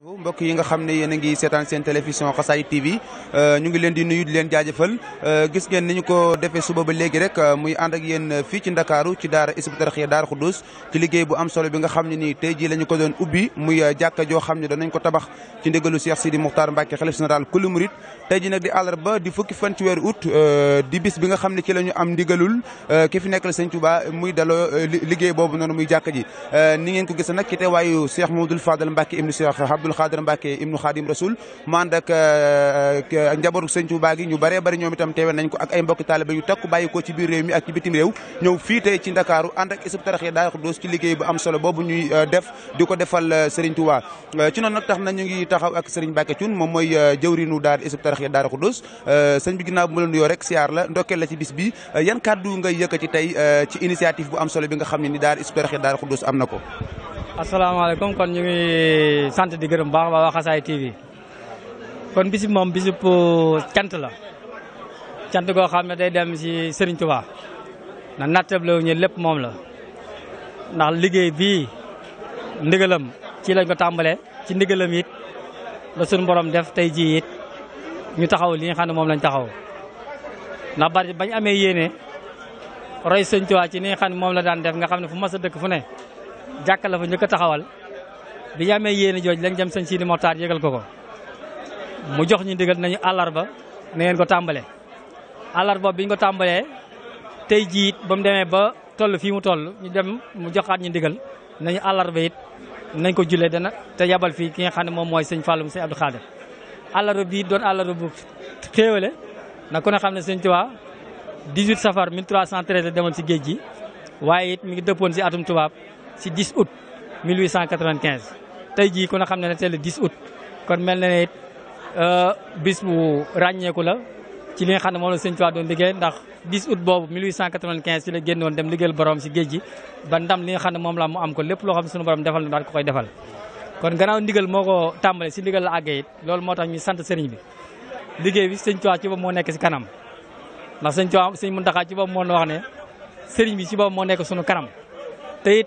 mbokk yi nga xam ne yéen a ngi seetaan seen télévision Xasaay TV euh, ñu ngi leen di nuyu di leen jaajëfal euh, gis ngeen ni ñu ko defee suba ba léegi rek euh, muy ànd ak yéen fii ci Ndakaaru ci daara Hizbut Tarqiyyah Daaru Xuddus ci liggéey bu am solo bi nga xam ne nii tey jii lañu ko doon ubbi muy jàkka joo xam ne danañ ko tabax ci ndigalu Cheikh Sidi Moukhtar Mbacké xalif général kulu murit tey jii nag di àllarba di fukki fan ci weeru août di bis nga xam ne ci la ñu am ndigalul ki fi nekkal Sëñ Tuuba muy daloo liggéey boobu noonu muy jàkka ji ni ngeen ko gis nag ci teewaayu Cheikh Mamadou Fadal Abdul Xaadir Mbàkke ibnu Xaadim Rasul mu ànd ak euh, euh, njabootu sëñ Tuubaa ñu bëree bëri ñoom itam teewe nañ ko ak ay mbokki taalibe yu takku bàyyi ko ci biir réew mi ak ci bitim réew ñëw fii tey ci Ndakaaru ànd ak isub taraxee daara Xuddoos ci liggéey bu am solo boobu ñuy euh, def di ko defal Sëriñ Tuubaa ci noonu nag tax na ñu ngi taxaw ak Sëriñ Mbàkke cun moom mooy jëwriñu daara isub taraxee daara Xuddoos sëñ bi ginnaaw bu ma la nuyoo rek siyaar la ndokkeel la ci bis bi yan kàddu ngay yëkkati tey ci initiative bu am solo bi nga xam ne ni daara isub taraxee daara Xuddoos am na ko asalaamaaleykum kon ñu sant di gërëm baax baax Xasaay TV kon bisib moom bisib cant la cant goo xam ne day dem si Serigne Touba na nattable ñu lépp moom la ndax liggéey bii ndigalam ci lañ ko tàmbalee ci ndigalam it la suñu borom def tey jii it ñu taxaw li nga xam ne moom lañ taxaw ndax bari bañ amee yéene roy Sëñ Tuubaa ci ni nga xam ne moom la daan def nga xam ne fu mas a dëkk fu jàkka la fa a taxawal bi ñu amee yéen jooj lañ dem sëñ Sidi Moxtaar yëgal ko ko mu jox ñu ndigal nañu àllarba na ngeen ko tàmbalee. àllarba bi ñu ko tàmbalee tey jii ba mu demee ba toll fi mu toll ñu dem mu joxaat ñu ndigal nañu àllarba it nañ ko jullee dana te yabal fi ki nga xam ne moom mooy sëñ Falloum sëñ Abdou Khader. àllarba bi doon àllarba bu xéewale na ku ne xam ne sëñ Tuubaa 18 safar 1313 la demoon si géej gi waaye it mi ngi si atum tubaab. si 10 août 1895 tey jii ku ne xam ne ne c'est le 10 août kon mel na ne it euh, bis bu ràññeeku la ci li nga xam ne moom la sëñ Tuubaa doon liggéey ndax 10 août boobu 1895 ci la génnoon dem liggéeyal borom si géej ba ndam li xam ne moom la mu am ko lépp loo xam ne suñu defal na daal koy defal kon gannaaw ndigal moo ko tàmbale si ndigal la àggee it loolu moo tax ñu sant sëriñ bi liggéey bi sëñ Tuubaa ci boobu moo nekk si kanam ndax sëñ Tuubaa sëñ Muntaxaa ci boobu moo wax ne sëriñ bi ci boobu moo nekk suñu kanam te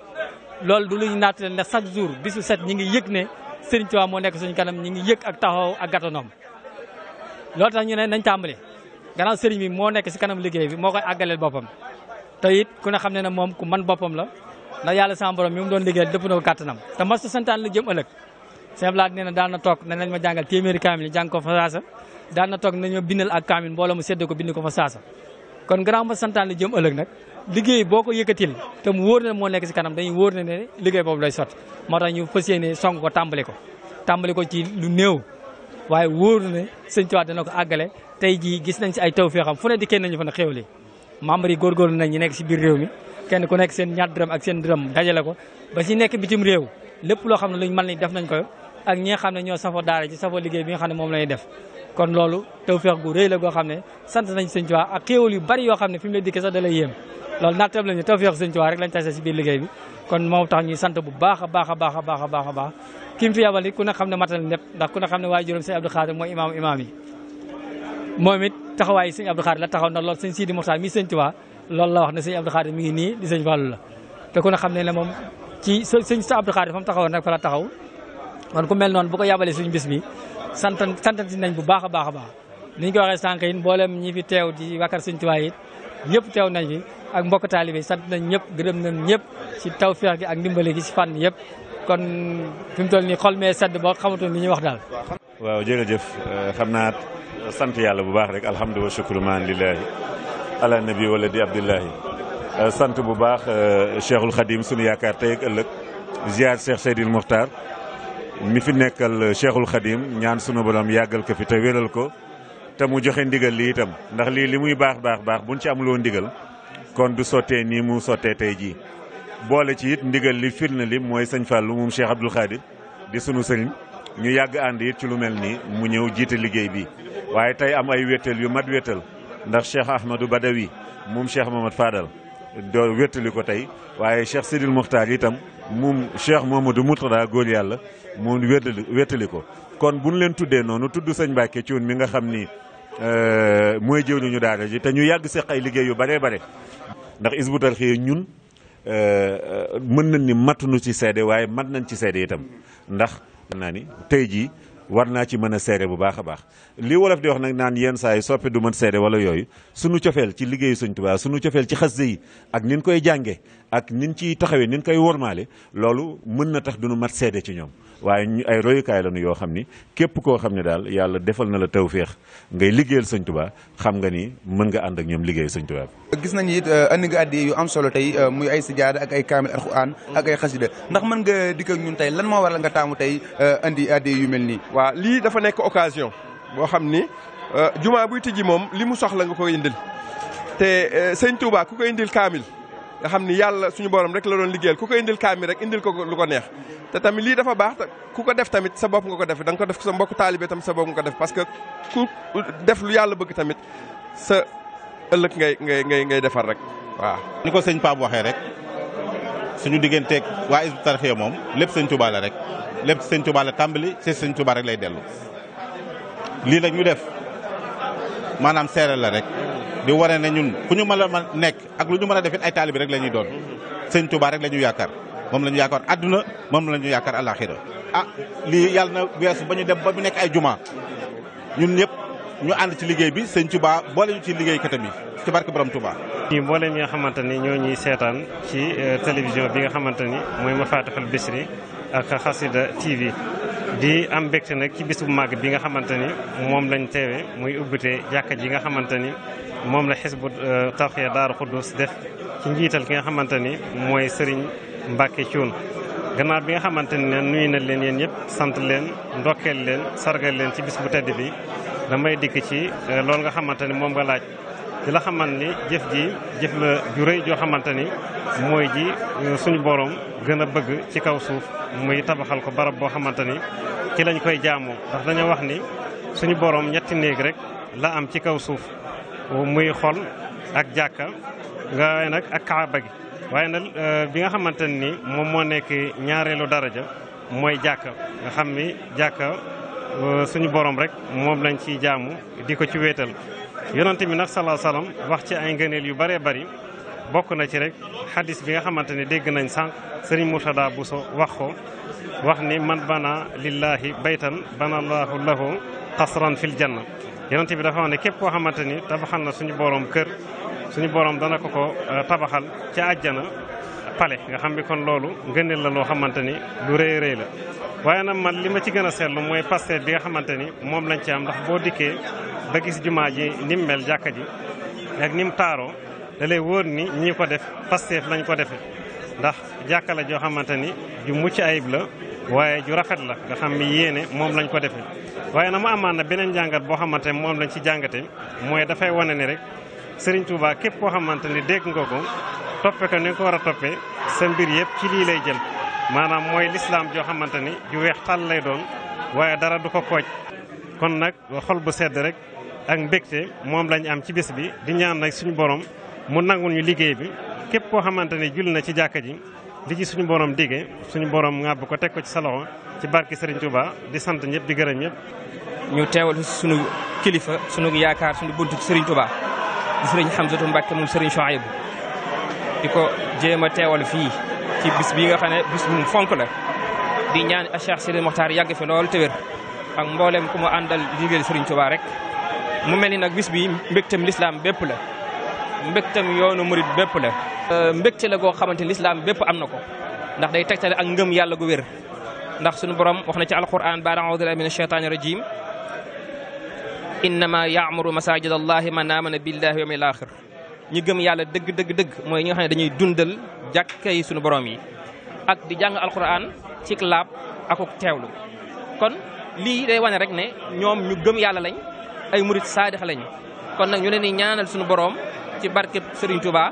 loolu du luy naat leen ne chaque jour bisu set ñi ngi yëg ne Serigne Touba moo nekk suñu kanam ñi ngi yëg ak taxaw ak gàttanoom loolu tax ñu ne nañ tàmbali gannaaw sëriñ bi moo nekk si kanam liggéey bi moo koy àggaleel boppam. te it ku ne xam ne ne moom ku man boppam la ndax yàlla sama borom mi mu doon liggéeyal dëpp na ko kàttanam te mas santaan la jëm ëllëg sëñ Ablaye nee na daan na toog nañ ma jàngal téeméeri kaamil ñu jàng ko fa saasa toog nañ ma bindal ak kaamil mbooloo mu séddee ko bind ko fa saasa kon gannaaw ma santaan la jëm ëllëg nag liggéey boo ko yëkkatil te mu wóor na moo nekk si kanam dañuy wóor na ne liggéey boobu lay sotti moo tax ñu fas yéene song ko tàmbali ko tàmbali ko ci lu néew waaye wóor na sëñ Tuubaa dana ko àggale tey jii gis nañ si ay taw fii xam fu ne di kenn nañu fa na xéwli membre yi góorgóorlu nañ ñi nekk si biir réew mi kenn ku nekk seen ñaar dërëm ak seen dërëm dajale ko ba si nekk bitim réew lépp loo xam ne luñ mën nañ def nañ ko ak ñi nga xam ne ñoo safoo daara ci safoo liggéey bi nga xam ne moom lañuy def kon loolu tawfeex gu rëy la goo xam ne sant nañ sëñ ak xéewal yu bari yoo xam ne fi mu di dikkee sax da lay loolu nattab lañu tawfeex sëñ Tuubaa rek lañ tase si biir liggéey bi kon moo tax ñuy sant bu baax a baax a baax a baax a baax a baax kim fi yabal yi ku ne xam ne matal lépp ndax ku ne xam ne waaye juróom sëñ Abdou Khadir mooy imaamu imaam yi moom it taxawaayu sëñ Abdou Khadir la taxaw na loolu sëñ Sidi Muxtaar mi sëñ Tuubaa loolu la wax ne sëñ Abdou Khadir mi ngi nii di sëñ Fallu la te ku ne xam ne ne moom ci sëñ sa Abdou Khadir fa mu taxawoon nag fa la taxaw kon ku mel noonu bu ko yabalee suñu bis bi sant santanti nañ bu baax a baax a baax ni ñu ko waxee sànq yi mboolem ñi fi teew di wakkar sëñ Tuubaa it ñëpp teew nañ fi ak mbokk taalibe sant nañ ñëpp gërëm na ñëpp ci tawféex gi ak ndimbale gi ci fànn yëpp kon fi mu toll nii xol mee sedd boo xamatoon li ñuy wax daal. waaw jërëjëf euh, xam naa sant yàlla bu baax rek alhamdu wa shukru maan lillaahi ala nabi wala di abdillahi euh, sant bu baax euh, cheikhul xadim sunu yaakaar te ak ëllëg ziar cheikh Seydil Mokhtar mi fi nekkal cheikhul xadim ñaan sunu borom yàggal ko fi te wéral ko te mu joxe ndigal lii itam ndax lii li muy baax baax baax buñ ci amuloo ndigal. kon du sottee nii mu sottee tey jii boole ci it ndigal li na li mooy sëñ Fallou moom Cheikh Abdoul Khadir di sunu sëriñ ñu yàgg ànd it ci lu mel nii mu ñëw jiite liggéey bi waaye tey am ay wéttal yu mat wéttal ndax Cheikh Ahmadou Badawi moom Cheikh Mamad Fadal doo wéttali ko tey waaye Cheikh Sidil Muxtaar itam moom Cheikh Mamadou Moutada góor yàlla moom wéttali wéttali ko kon bu ñu leen tuddee noonu tudd sëñ Mbàkke Cuun mi nga xam ni Euh, mooy jëwriñu daara ji te ñu yàgg seq ay liggéey yu bare bare ndax Hizbut Tarqiyyah ñun euh, mën nañ ni matuñu ci seede waaye mat nañ ci seede itam ndax naa ni tey jii war naa ci mën a seere bu baax a baax li wolof di wax nag naan yenn saa yi soppe du mën seede wala yooyu sunu cofeel ci liggéeyu Sëñ Tuubaa sunu cofeel ci xasida yi ak nin koy jànge ak nin ciy taxawee nin koy wormaale loolu mën na tax duñu mat seede ci ñoom waaye ñu ay royukaay lañu yoo xam ni képp koo xam ne daal yàlla defal na la tawféex ngay liggéeyal sëñ Tuubaa xam nga ni mën nga ànd ak ñoom liggéey sëñ Tuubaa gis nañu it euh, andi nga addi yu am solo tey euh, muy ay sijaada ak ay kaamil alxuraan ak ay xasida ndax mën nga dikk ñun tey lan moo waral nga taamu tey indi euh, addi yu mel nii waa lii dafa nekk occasion boo xam ni jumaa buy tijji moom li mu soxla nga koy indil te sëñ ku koy indil kaamil nga xam ni yàlla suñu borom rek la doon liggéeyal ku ko indil kaamil rek indil ko lu ko neex te tamit lii dafa baax ku ko def tamit sa bopp nga ko def da ko def sa mbokk taalibe tamit sa bopp nga ko def parce que ku def lu yàlla bëgg tamit sa ëllëg ngay ngay ngay ngay defar rek waa ni ko sëñ Pape waxee rek suñu digganteeg waa Hizbut Tarqiyyah moom lépp sëñ Touba la rek lépp sëñ Touba tàmbali si sëñ Touba rek lay dellu lii nag ñu def maanaam seere la rek. di wane ne ñun ku ñu mën a nekk ak lu ñu mën a defit ay taalibi rek la ñuy doon sëñ tubaa rek la ñu yaakaar moom la ñu yaakaar adduna moom la ñu yaakaar alaxira a ah, lii yàlla na weesu ba ñu dem ba mu nekk ay juma ñun ñëpp ñu ànd ci liggéey bi sëñ tubaa boole ñu ci liggéey katam yi ci barke borom tubaa ñi boole ñi nga xamante ni ñoo ñuy seetaan ci euh, télévision bi nga xamante ni mooy ma faataxal Bichri ak Xassida TV di am mbégte nag ci bis bu màgg nga xamante ni moom lañ teewe muy ubbite jàkka ji nga xamante ni moom la xisbu euh, tarxiya Daaru Xuddus def ci njiital ki nga xamante ni mooy sëriñ Mbàkke Cuun gannaaw bi nga xamante ni ne nuyu na leen yéen ñëpp sant leen ndokkeel leen sargal leen ci bis bu tedd bi damay dikk ci euh, loolu nga xamante ni moom nga laaj di la xamant ni jëf ji jëf la ju joo xamante ni mooy ji euh, suñu borom gën a bëgg ci kaw suuf muy tabaxal ko barab boo xamante ni ci lañ koy jaamoo ndax dañoo wax ni suñu borom ñetti néeg rek la am ci kaw suuf muy xol ak jàkka waaye nag ak kaaba gi waaye nag euh, bi nga xamante ni moom moo nekk ñaareelu daraja mooy jàkka nga xam ni jàkka euh, suñu borom rek moom lañ ciy jaamu di ko ci wéetal yonante bi nag salaa salaam wax ci ay ngëneel yu bëree bari bokk na ci rek xadis bi nga xamante ne dégg nañ sànq sëriñ Murtada Buso wax ko wax ni man bana lillahi baytan banallahu lahu qasran fil janna yonent bi dafa wax ne képp koo xamante ni tabaxal na suñu boroom kër suñu boroom dana ko ko euh, tabaxal ca àjjana pale nga xam bi kon loolu ngëneel la loo xamante ni lu rëy rëy la waaye nag man li ma ci gën a seetlu mooy pasteur bi nga xamante ni moom lañ ci am ndax boo dikkee ba gis jumaa ji ni mu mel jàkka ji ak ni mu taaroo da lay ni ñi ko def pasteur lañ ko defee ndax jàkka la joo xamante ni ju mucc ayib la waaye ju rafet la nga xam ni yéene moom lañ ko defee waaye na mu amaan na beneen jàngat boo xamante moom lañ ci jàngate mooy dafay wane ni rek Serigne Touba képp koo xamante ni dégg nga ko toppe ko ni nga ko war a toppee sa mbir yëpp ci lii lay jël maanaam mooy lislaam joo xamante ni ju weex tàll lay doon waaye dara du ko kooj kon nag xol bu sedd rek ak mbégte moom lañ am ci bés bi di ñaan nag suñu borom mu nanguñu liggéey bi képp koo xamante ni jull na ci jàkka ji di ci suñu borom digge suñu borom bu ko teg ko ci sa loxo ci barki Serigne Touba di sant ñëpp di gërëm ñëpp. ñu teewal suñu kilifa suñu yaakaar suñu buntu sëriñ Touba di Serigne Hamzatou Mbacke moom Serigne Chouaïb di ko jéem a teewal fii ci bis nga xam ne bis bu fonk la di ñaan a Cheikh Sidi Mokhtar yàgg fi lool te ak mboolem ku mu àndal liggéey Serigne Touba rek mu mel ni nag bis bi mbégtam lislaam bépp la. mbégtam yoonu murit bépp la. Euh, mbégte la goo xamante lislaam bépp am na ko ndax day tegtale ak ngëm yàlla gu wér ndax sunu boroom wax na ci alquran baada audu billahi min shaytaani rajim innama yaamuru masajid allahi man amana billahi wa yawmil axir ñi gëm yàlla dëgg dëgg dëgg mooy ñi nga xam ne dañuy dundal jàkka yi sunu boroom yi ak di jàng alquran ci laab akuk teewlu kon lii day wane rek ne ñoom ñu gëm yàlla lañ ay murit saadix lañ kon nag ñu leen di ñaanal sunu borom. ci barkeb sëriñ Touba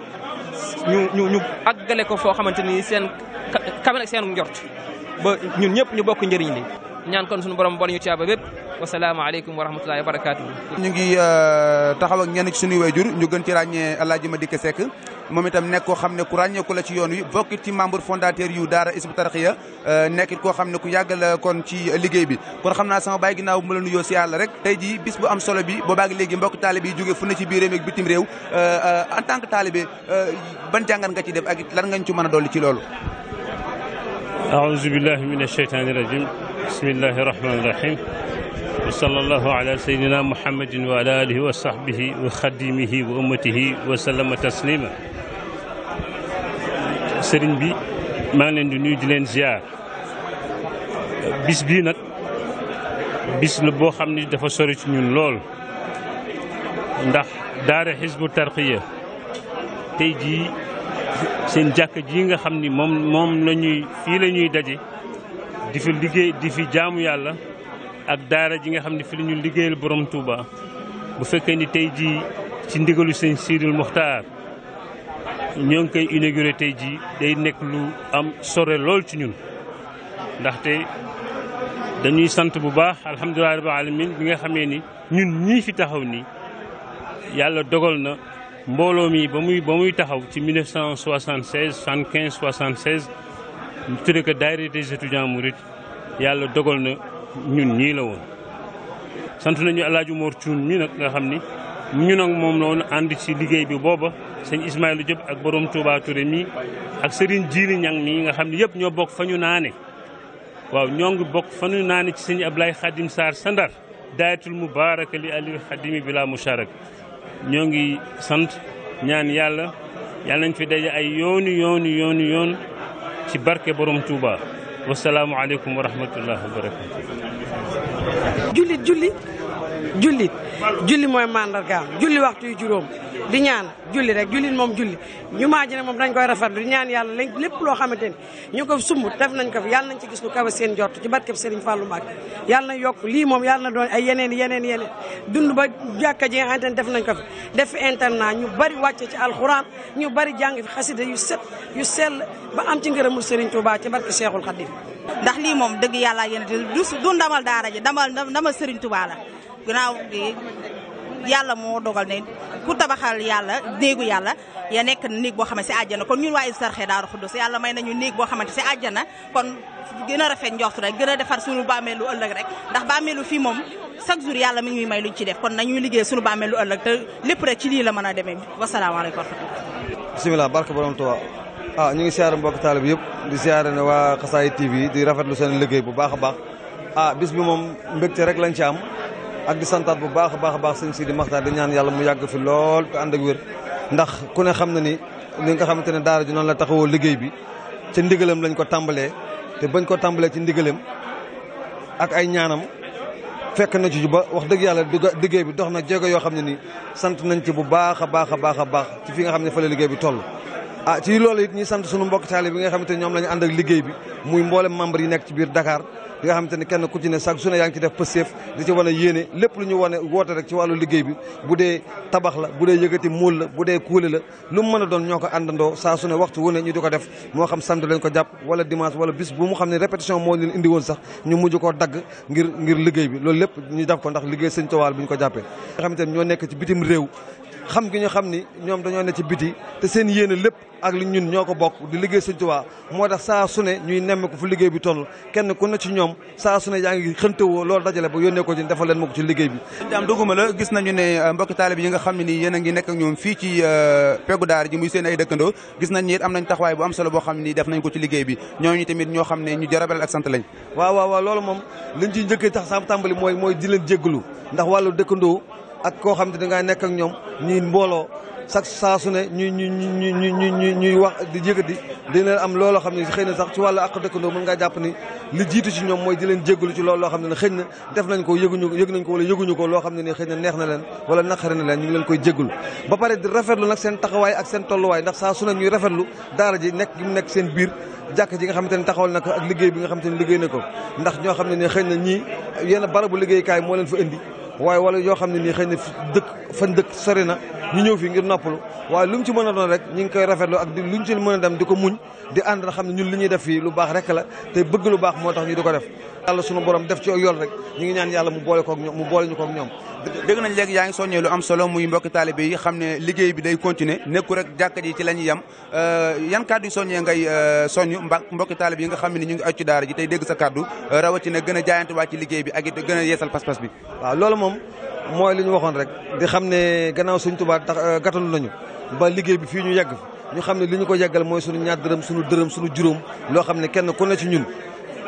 ñu ñu ñu àggale ko foo xamante ni seen kawe nag seen njort ba ñun ñëpp ñu bokk njëriñ li ñaan kon suñu borom boole ñu ci aba bépp wasalaamaaleykum wa rahmatullahi wa barakaatu. ñu ngi euh, taxaw ak ñenn ci suñuy wayjur ñu gën ci ràññee El Hadj Madick sek moom itam nekk koo xam ne ku ràññeeku la ci yoon wi bokkit ci membre fondateur yu daara Hizbut Tarqiyyah euh, nekkit koo xam ne ku yàgg kon ci liggéey bi kon xam naa sama baay ginnaaw mu la nuyoo si yàlla rek tey jii bis bu am solo bi boobaag léegi mbokk taalibe yi jóge fu ne ci biir réew ak bitim réew euh, euh, en tant que taalibe ban jàngat nga ci def ak lan ngañ ci mën a dolli ci loolu aouzu billahi min asheytaani rajim bismillahi rahmaani rahim wa sallallahu ala sayyidina muhammadin wa ala alihi wa sahbihi sëriñ bi maa ngi leen di nuyu di leen ziar bis bii nag bis boo xam ni dafa sori ci ñun lool ndax daara xisbu tarxiya tey jii seen jàkk ji nga xam ni moom moom la ñuy fii la ñuy daje di fi liggéey di fi jaamu yàlla ak daara ji nga xam ni fi lañu ñuy liggéeyal borom Touba bu fekkee ni tey jii ci ndigalu seen Siidul Muxtaar ñoo ngi koy inauguré tey jii day nekk lu am sore lool ci ñun ndaxte dañuy sant bu baax alhamdulilah rabbil alamin bi nga xamee ni ñun ñii fi taxaw nii yàlla dogal na mbooloo mi ba muy ba taxaw ci 1976 75 76 ñu tuddee ko daayira des étudiants mourides yàlla dogal na ñun ñii la woon sant nañu El Hadj Mor Thioune nga xam ni ñu nag moom loolu ànd ci liggéey bi booba sëñ Ismaïla Diop ak borom Touba Touré mi ak Serigne Djili Niang mi nga xam ne yëpp ñoo bokk fa ñu naane waaw ñoo ngi bokk fa ñu naane ci sëñ Ablaye Khadim saar Sandar daayatul mubaaraka li Aliou Khadimi bila musharak ñoo ngi sant ñaan yàlla yàlla nañ fi daje ay yoonu yoonu yoonu yoon ci barke borom Touba wasalaamualeykum wa rahmatullah wa barakatu jullit jullit jullit julli mooy mandargaam julli waxtu yu juróom di ñaan julli rek jullit moom julli ñu ji ne moom dañ koy rafetlu di ñaan yàlla lépp loo xamante ni ñu ko sumb def nañ ko fi yàlla nañ ci gis lu kawe seen jott ci barkeb Serigne Fallou Mbacké yàlla na yokk lii moom yàlla na doon ay yeneen yeneen yeneen dund ba jàkka ji nga def nañ ko def fi internat ñu bari wàcce ci alxuraan ñu bari jàng fi xasida yu set yu sell ba am ci ngërëmul Serigne Touba ci barke Cheikhul Khadim ndax lii moom dëgg yàlla yéen du ndamal daara ji ndamal ndamal Serigne Touba gannaaw yàlla moo dogal ne ku tabaxal yàlla néegu yàlla ya nekk na néeg boo xamante si àjjana kon ñun waa Hizbut Tarqiyyah Daaru Xuddus yàlla may nañu néeg boo xamante si àjjana kon gën a rafet njort rek gën a defar suñu bàmmeelu ëllëg rek ndax bàmmeelu fii moom chaque jour yàlla mi ngi may luñ ci def kon nañuy liggéey suñu bàmmeelu ëllëg te lépp rek ci lii la mën a demee wasalaamaaleykum warahmatullah bisimilah barke borom Tuubaa ah ñu ngi siyaare mbokk taalib yëpp di siyaare ne waa Qaça'id TV di rafetlu seen liggéey bu baax a baax ah bis bi moom mbégte rek lañ ci ak di santaat bu baax a baax a baax sëñ Sidi Maxtaar di ñaan yàlla mu yàgg fi lool te ànd ak wér ndax ku ne xam na ni li nga xamante ne daara ji noonu la taxawoo liggéey bi ca ndigalam lañ ko tàmbalee bañ ko tàmbalee ci ndigalam ak ay ñaanam fekk na ci ba wax dëgg yàlla liggéey bi dox na jéego yoo xam ne nii sant nañ ci bu baax a baax a baax a baax ci fi nga xam ne fa la liggéey bi toll ah ci loolu it ñuy sant sunu mbokk taali bi nga xamante ne ñoom lañu ñu ànd ak liggéey bi muy mboolem membre yi nekk ci biir dakaar li nga xamante ni kenn ku ci ne chaque journée yaa ngi ci def pësteef di ci wane yéene lépp lu ñu wane woote rek ci wàllu liggéey bi bu dee tabax la bu dee yëkkati móol la bu dee kuule la lu mu mën a doon ñoo ko àndandoo saa su ne waxtu wu ne ñu di ko def moo xam samedi lañ ko jàpp wala dimanche wala bis bu mu xam ne répétition moo leen indi woon sax ñu mujj koo dagg ngir ngir liggéey bi loolu lépp ñu def ko ndax liggéey sëñ Tuubaa bi ñu ko jàppee nga xamante ne ñoo nekk ci bitim réew xam gi ñu xam ni ñoom dañoo ne ci biti te seen yéene lépp ak li ñun ñoo ko bokk di liggéey sëñ Tuubaa moo tax saa sune ñuy nemm ko fu liggéey bi toll kenn ku ne ci ñoom saa su ne yaa ngi xëntewoo loolu dajale ba yónnee ko ci defal leen ma ko ci liggéey bi daam duguma la gis nañu ne euh, mbokki taalib yi nga xam ne nii yéen a ngi nekk ñoom fii ci euh, peggu daara ay dëkkandoo gis nañ ni am nañ taxawaay bu am solo boo xam ne nii def nañ ko ci liggéey bi ñooñu tamit ñoo xam ne ñu jarabel ak sant lañ waaw waaw waaw loolu moom liñ ciy njëkkee tax sam tàmbali mooy mooy di leen jéggalu ndax wàllu dëkkandoo ak koo xam di dangaa nekk ak ñoom ñii mbooloo sax saa su ne ñuy ñuy ñuy ñuy ñuy wax di yëkkati di leen am looloo xam ne xëy na sax ci wàllu ak dëkkandoo mën ngaa jàpp ni li jiitu ci ñoom mooy di leen jéggalu ci loo xam ne xëy na def nañ ko yëguñu yëg nañ ko wala yëguñu ko loo xam ne nii xëy na neex na leen wala naqari na leen ñu ngi leen koy jéggalu ba pare di rafetlu nag seen taxawaay ak seen tolluwaay ndax saa su ne ñuy rafetlu daara ji nekk mu nekk seen biir jàkk ji nga xamante ne taxawal na ak liggéey bi nga xam xamante ne liggéey na ko ndax ñoo xam ne ne xëy na ñii yenn barabu liggéeykaay moo leen fa indi waaye wala yoo xam ne nii xëy na dëkk fan dëkk sori na ñu ñëw fii ngir noppalu waaye lu mu ci mën a doon rek ñu ngi koy rafetlu ak di luñ ci mën a dem di ko muñ di ànd na xam ne ñun li ñuy def fii lu baax rek la te bëgg lu baax moo tax ñu di ko def yàlla sunu borom def ci yoon rek ñu ngi ñaan yàlla mu boole kook ñoom mu boole ñu kook ñoom dégg nañ léegi yaa ngi soññee lu am solo muy mbokki taalibe yi xam ne liggéey bi day continuer nekku rek jàkka ci la ñuy yem euh, yan kàddu soññee ngay euh, soññ mba mbokki taalibe yi nga xam ne ñu ngi aj ci daara ji tey dégg sa kàddu rawatina gën a jaayante waa ci liggéey bi ak it gën a yeesal pas-pas bi mooy li ñu waxoon rek di xam ne gannaaw suñ Tuubaa tax euh, gàttandu nañu ba liggéey bi fii ñu yegg ñu xam ne li ñu ko yeggal mooy suñu ñaar dërëm suñu dërëm suñu juróom loo xam ne kenn ku na ci ñun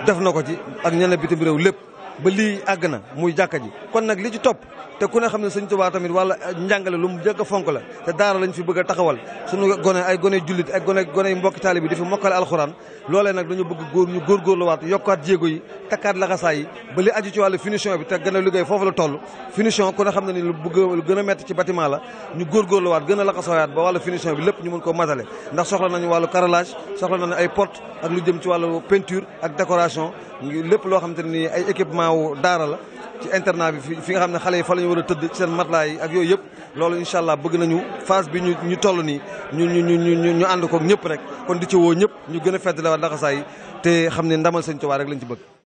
def na ko ci ak ñeneen bitim réew lépp ba lii àgg na muy jàkka ji kon nag li ci topp te ku ne xam ne sëñ Tuubaa tamit wala njàngale lu mu jëkk a la te lañ fi bëgg a taxawal suñu gone ay gone jullit ay gone gone mbokki taali bi dafa mokkale alxuraan loolee nag dañu bëgg góor ñu góorgóorluwaat yokkaat jéego yi takkaat laxasaa yi ba li aju finition bi te gën a liggéey foofu la toll finition ku ne xam bëgg lu gën a metti ci bâtiment la ñu góorgóorluwaat gën a laxasaayaat bi lépp ñu mën ko matale ndax soxla nañu wàllu carrelage soxla nañu ay porte ak lu jëm ci wàllu peinture ak décoration lépp loo xam te nii ay équipement wu daara la ci internat bi fi nga xam ne xale yi fa la ñu war a tëdd ci seen matelas ak yooyu yëpp loolu incha allah bëgg nañu phase bi ñu ñu toll nii ñu ñu ñu ñu ñu ànd koog ñëpp rek kon di ci woo ñëpp ñu gën a fedd la waa laxasaay te xam ne ndamal sëñ Tuubaa rek lañ ci bëgg